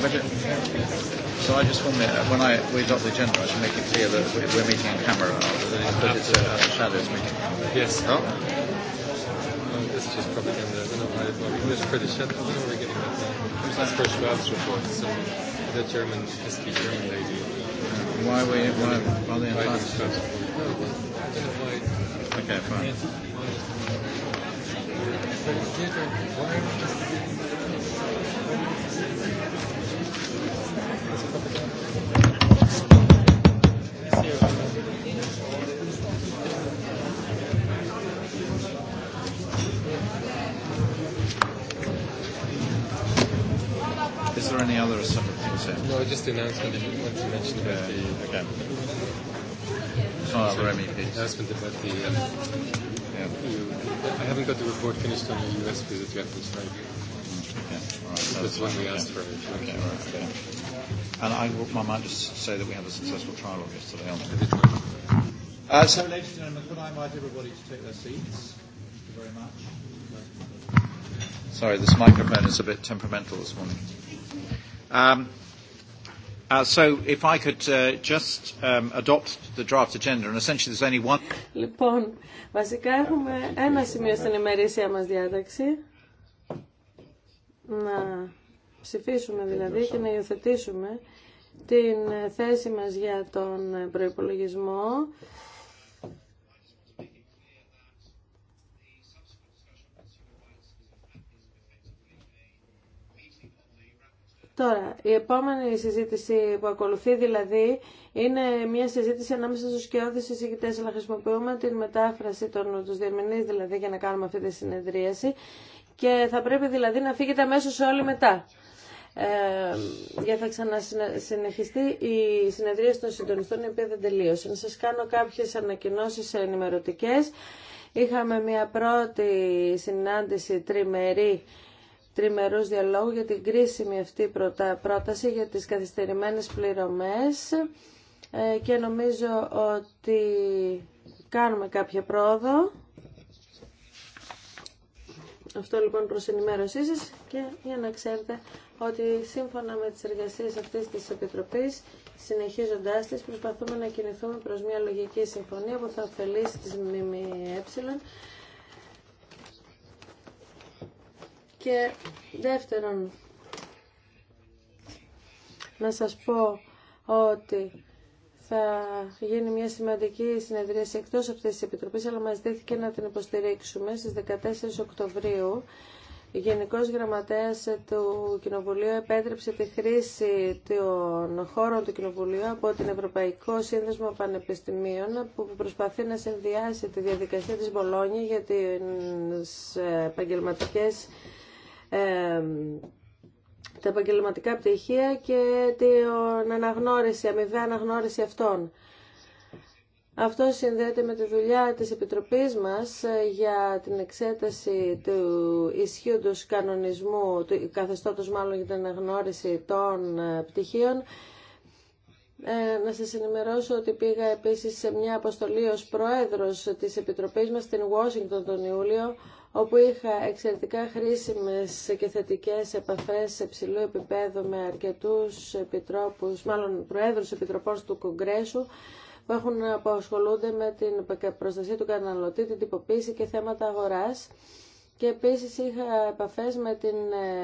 So I just want to, when I, we adopt the agenda, I should make it clear that we're meeting on camera, but it's a a shadows meeting. Yes. Oh? Uh, This is just propaganda. I don't know why English British. I don't know where we're getting that from. That's for Schwab's report. So the German, the German lady. Why are we, why, why are they in France? No, why. Okay, fine. Why Is there any other separate to say? No, just the announcement that you want to mention about the... again? No other Announcement about the... Um, yeah. I haven't got the report finished on the US visit yet this time. That's when we asked for it. And I might just say that we had a successful trial yesterday on So, ladies and gentlemen, could I invite everybody to take their seats? Thank you very much. Sorry, this microphone is a bit temperamental this morning. So if I could just adopt the draft agenda and essentially there's only one. Λοιπόν, βασικά έχουμε ένα σημείο στην ημερήσια μας διάταξη να ψηφίσουμε δηλαδή και να υιοθετήσουμε την θέση μας για τον προϋπολογισμό Τώρα, η επόμενη συζήτηση που ακολουθεί δηλαδή είναι μια συζήτηση ανάμεσα στους σκιώδεις συζητητές, αλλά χρησιμοποιούμε την μετάφραση των τους διερμηνείς δηλαδή για να κάνουμε αυτή τη συνεδρίαση και θα πρέπει δηλαδή να φύγετε αμέσως όλοι μετά. Ε, για θα ξανασυνεχιστεί η συνεδρία των συντονιστών η οποία δεν τελείωσε. Να σας κάνω κάποιες ανακοινώσεις ενημερωτικές. Είχαμε μια πρώτη συνάντηση τριμερή τριμερούς διαλόγου για την κρίσιμη αυτή πρόταση για τις καθυστερημένες πληρωμές ε, και νομίζω ότι κάνουμε κάποια πρόοδο. Αυτό λοιπόν προς ενημέρωσή σας και για να ξέρετε ότι σύμφωνα με τις εργασίες αυτής της Επιτροπής, συνεχίζοντάς τις, προσπαθούμε να κινηθούμε προς μια λογική συμφωνία που θα ωφελήσει τις ΜΜΕ και δεύτερον να σας πω ότι θα γίνει μια σημαντική συνεδρίαση εκτός από τις επιτροπές, αλλά μας δίθηκε να την υποστηρίξουμε στις 14 Οκτωβρίου. Γενικός Γραμματέας του Κοινοβουλίου επέτρεψε τη χρήση των χώρων του Κοινοβουλίου από την Ευρωπαϊκό Σύνδεσμο Πανεπιστημίων που προσπαθεί να συνδυάσει τη διαδικασία της Μπολόνια για τις ε, επαγγελματικέ ε, τα επαγγελματικά πτυχία και την αναγνώριση, αμοιβή αναγνώριση αυτών. Αυτό συνδέεται με τη δουλειά της Επιτροπής μας ε, για την εξέταση του ισχύοντος κανονισμού, του καθεστώτος μάλλον για την αναγνώριση των ε, πτυχίων. Ε, να σας ενημερώσω ότι πήγα επίσης σε μια αποστολή ως πρόεδρος της Επιτροπής μας στην Ουάσιγκτον τον Ιούλιο, όπου είχα εξαιρετικά χρήσιμες και θετικές επαφές σε ψηλού επίπεδο με αρκετούς επιτρόπους, μάλλον προέδρους επιτροπών του Κογκρέσου, που έχουν, απασχολούνται με την προστασία του καταναλωτή, την τυποποίηση και θέματα αγοράς. Και επίσης είχα επαφές με την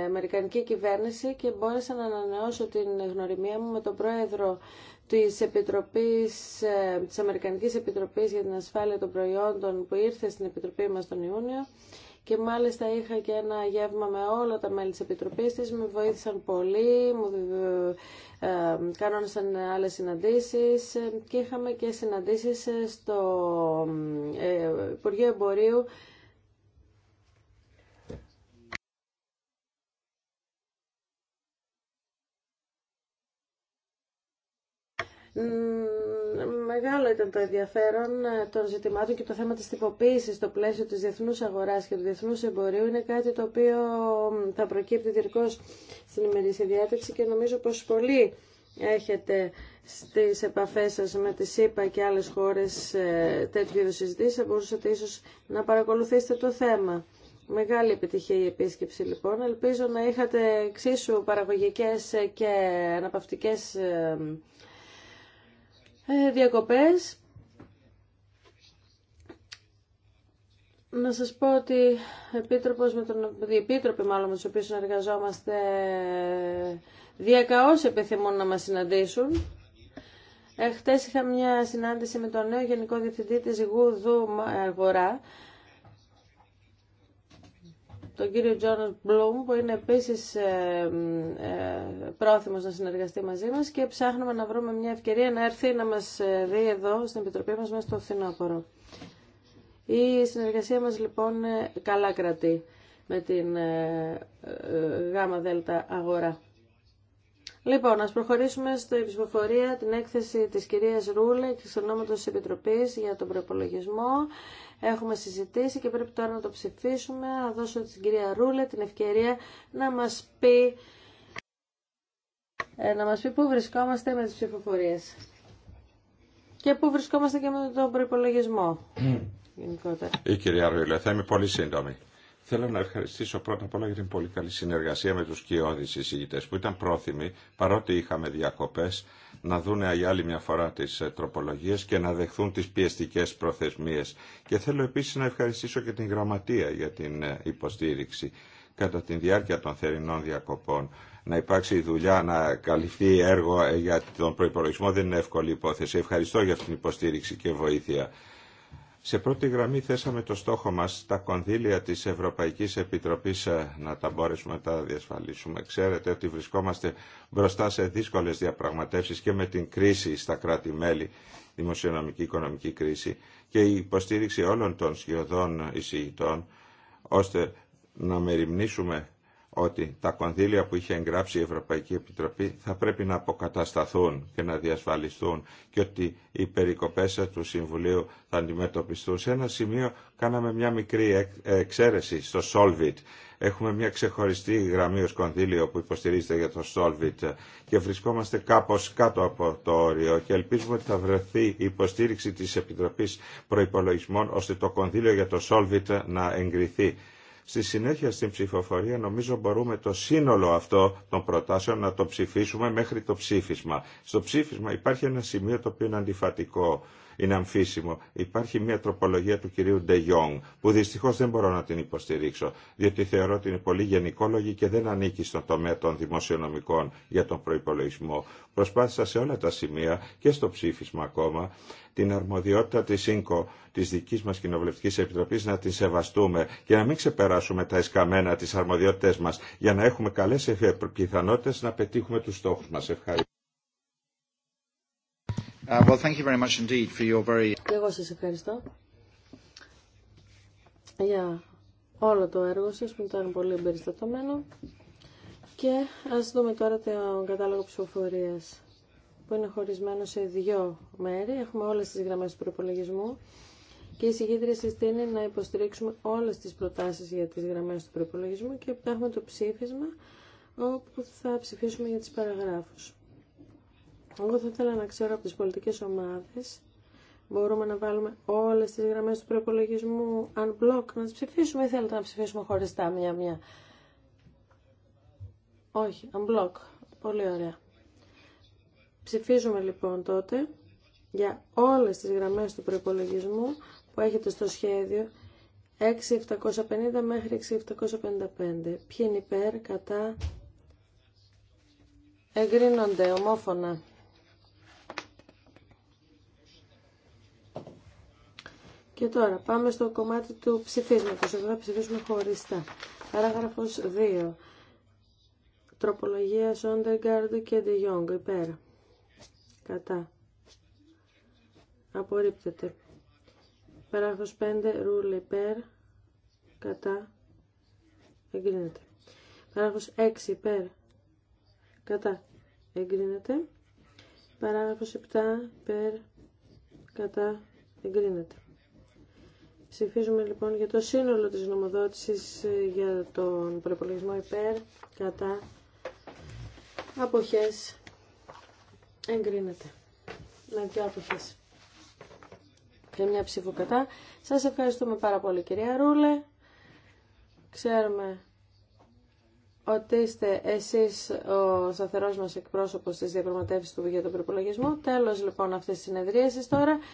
ε, Αμερικανική κυβέρνηση και μπόρεσα να ανανεώσω την γνωριμία μου με τον πρόεδρο της Επιτροπής, ε, της Αμερικανικής Επιτροπής για την Ασφάλεια των Προϊόντων που ήρθε στην Επιτροπή μας τον Ιούνιο και μάλιστα είχα και ένα γεύμα με όλα τα μέλη της Επιτροπής της, με βοήθησαν πολύ, μου ε, κάνονταν άλλες συναντήσεις ε, και είχαμε και συναντήσεις στο Υπουργείο Εμπορίου Μεγάλο ήταν το ενδιαφέρον ε, των ζητημάτων και το θέμα της τυποποίησης στο πλαίσιο της διεθνούς αγοράς και του διεθνούς εμπορίου είναι κάτι το οποίο θα προκύπτει διερκώ στην ημερήσια διάταξη και νομίζω πως πολλοί έχετε στις επαφές σας με τη ΣΥΠΑ και άλλες χώρες ε, τέτοιου είδους συζητήσεις θα μπορούσατε ίσως να παρακολουθήσετε το θέμα. Μεγάλη επιτυχία η επίσκεψη λοιπόν. Ελπίζω να είχατε εξίσου παραγωγικές και αναπαυτικέ. Ε, ε, διακοπές. Να σας πω ότι επίτροπος με τον, οι επίτροποι μάλλον με τους οποίους συνεργαζόμαστε διακαώς επιθυμούν να μας συναντήσουν. Χθε είχα μια συνάντηση με τον νέο Γενικό Διευθυντή της Γουδού Αγορά τον κύριο Τζόνας Μπλουμ που είναι επίσης ε, ε, πρόθυμος να συνεργαστεί μαζί μας και ψάχνουμε να βρούμε μια ευκαιρία να έρθει να μας ε, δει εδώ στην Επιτροπή μας μέσα στο φθινόπωρο. Η συνεργασία μας λοιπόν καλά κρατεί με την γάμα δέλτα αγορά. Λοιπόν, ας προχωρήσουμε στην ψηφοφορία την έκθεση της κυρίας Ρούλε και ονόματος της Επιτροπής για τον προπολογισμό. Έχουμε συζητήσει και πρέπει τώρα να το ψηφίσουμε. Θα δώσω την κυρία Ρούλε την ευκαιρία να μας πει, ε, να μας πει πού βρισκόμαστε με τις ψηφοφορίες. Και πού βρισκόμαστε και με τον προπολογισμό. Η κυρία Ρούλε, θα είμαι πολύ σύντομη. Θέλω να ευχαριστήσω πρώτα απ' όλα για την πολύ καλή συνεργασία με τους κοιόδης εισηγητές που ήταν πρόθυμοι, παρότι είχαμε διακοπές, να δούνε για άλλη μια φορά τις ε, τροπολογίες και να δεχθούν τις πιεστικές προθεσμίες. Και θέλω επίσης να ευχαριστήσω και την Γραμματεία για την ε, υποστήριξη κατά τη διάρκεια των θερινών διακοπών. Να υπάρξει η δουλειά, να καλυφθεί έργο ε, για τον προπολογισμό δεν είναι εύκολη υπόθεση. Ευχαριστώ για την υποστήριξη και βοήθεια. Σε πρώτη γραμμή θέσαμε το στόχο μας τα κονδύλια της Ευρωπαϊκής Επιτροπής ε, να τα μπορέσουμε να τα διασφαλίσουμε. Ξέρετε ότι βρισκόμαστε μπροστά σε δύσκολες διαπραγματεύσεις και με την κρίση στα κράτη-μέλη, δημοσιονομική οικονομική κρίση και η υποστήριξη όλων των σχεδόν εισηγητών ώστε να μεριμνήσουμε ότι τα κονδύλια που είχε εγγράψει η Ευρωπαϊκή Επιτροπή θα πρέπει να αποκατασταθούν και να διασφαλιστούν και ότι οι περικοπές του Συμβουλίου θα αντιμετωπιστούν. Σε ένα σημείο κάναμε μια μικρή εξαίρεση στο Solvit. Έχουμε μια ξεχωριστή γραμμή ως κονδύλιο που υποστηρίζεται για το Solvit και βρισκόμαστε κάπως κάτω από το όριο και ελπίζουμε ότι θα βρεθεί η υποστήριξη της Επιτροπής Προϋπολογισμών ώστε το κονδύλιο για το Solvit να εγκριθεί Στη συνέχεια στην ψηφοφορία νομίζω μπορούμε το σύνολο αυτό των προτάσεων να το ψηφίσουμε μέχρι το ψήφισμα. Στο ψήφισμα υπάρχει ένα σημείο το οποίο είναι αντιφατικό, είναι αμφίσιμο. Υπάρχει μια τροπολογία του κυρίου Ντε Γιόγκ που δυστυχώς δεν μπορώ να την υποστηρίξω διότι θεωρώ ότι είναι πολύ γενικόλογη και δεν ανήκει στον τομέα των δημοσιονομικών για τον προϋπολογισμό. Προσπάθησα σε όλα τα σημεία και στο ψήφισμα ακόμα την αρμοδιότητα της ΙΝΚΟ, της δικής μας Κοινοβουλευτικής Επιτροπής, να την σεβαστούμε και να μην ξεπεράσουμε τα εσκαμμένα της αρμοδιότητες μας, για να έχουμε καλές πιθανότητες να πετύχουμε τους στόχους μας. Ευχαριστώ. Uh, well, thank you very much indeed for your very... εγώ σας ευχαριστώ για όλο το έργο σας που ήταν πολύ εμπεριστατωμένο και ας δούμε τώρα τον κατάλογο ψηφοφορίας που είναι χωρισμένο σε δύο μέρη. Έχουμε όλες τις γραμμές του προπολογισμού και η συγκίτρια συστήνει να υποστηρίξουμε όλες τις προτάσεις για τις γραμμές του προπολογισμού και έχουμε το ψήφισμα όπου θα ψηφίσουμε για τις παραγράφους. Εγώ θα ήθελα να ξέρω από τις πολιτικές ομάδες Μπορούμε να βάλουμε όλες τις γραμμές του προπολογισμού unblock, να τις ψηφίσουμε ή θέλετε να ψηφίσουμε χωριστά μία-μία. Όχι, unblock. Πολύ ωραία. Ψηφίζουμε λοιπόν τότε για όλες τις γραμμές του προϋπολογισμού που έχετε στο σχέδιο 6.750 μέχρι 6.755. Ποιοι είναι υπέρ, κατά, εγκρίνονται ομόφωνα. Και τώρα πάμε στο κομμάτι του ψηφίσματος. Εδώ θα ψηφίσουμε χωριστά. Παράγραφος 2. Τροπολογία Σόντεργαρντ και Ντεγιόγκ. Υπέρ κατά απορρίπτεται παράγραφος 5 ρούλε υπέρ κατά εγκρίνεται παράγραφος 6 υπέρ κατά εγκρίνεται παράγραφος 7 υπέρ κατά εγκρίνεται Ψηφίζουμε λοιπόν για το σύνολο της νομοδότησης ε, για τον προπολογισμό υπέρ κατά αποχές Εγκρίνεται. Να διάποχες και μια ψήφο κατά. Σας ευχαριστούμε πάρα πολύ κυρία Ρούλε. Ξέρουμε ότι είστε εσείς ο σταθερό μας εκπρόσωπος της διαπραγματεύσης του για τον προπολογισμό. Τέλος λοιπόν αυτής της συνεδρίασης τώρα.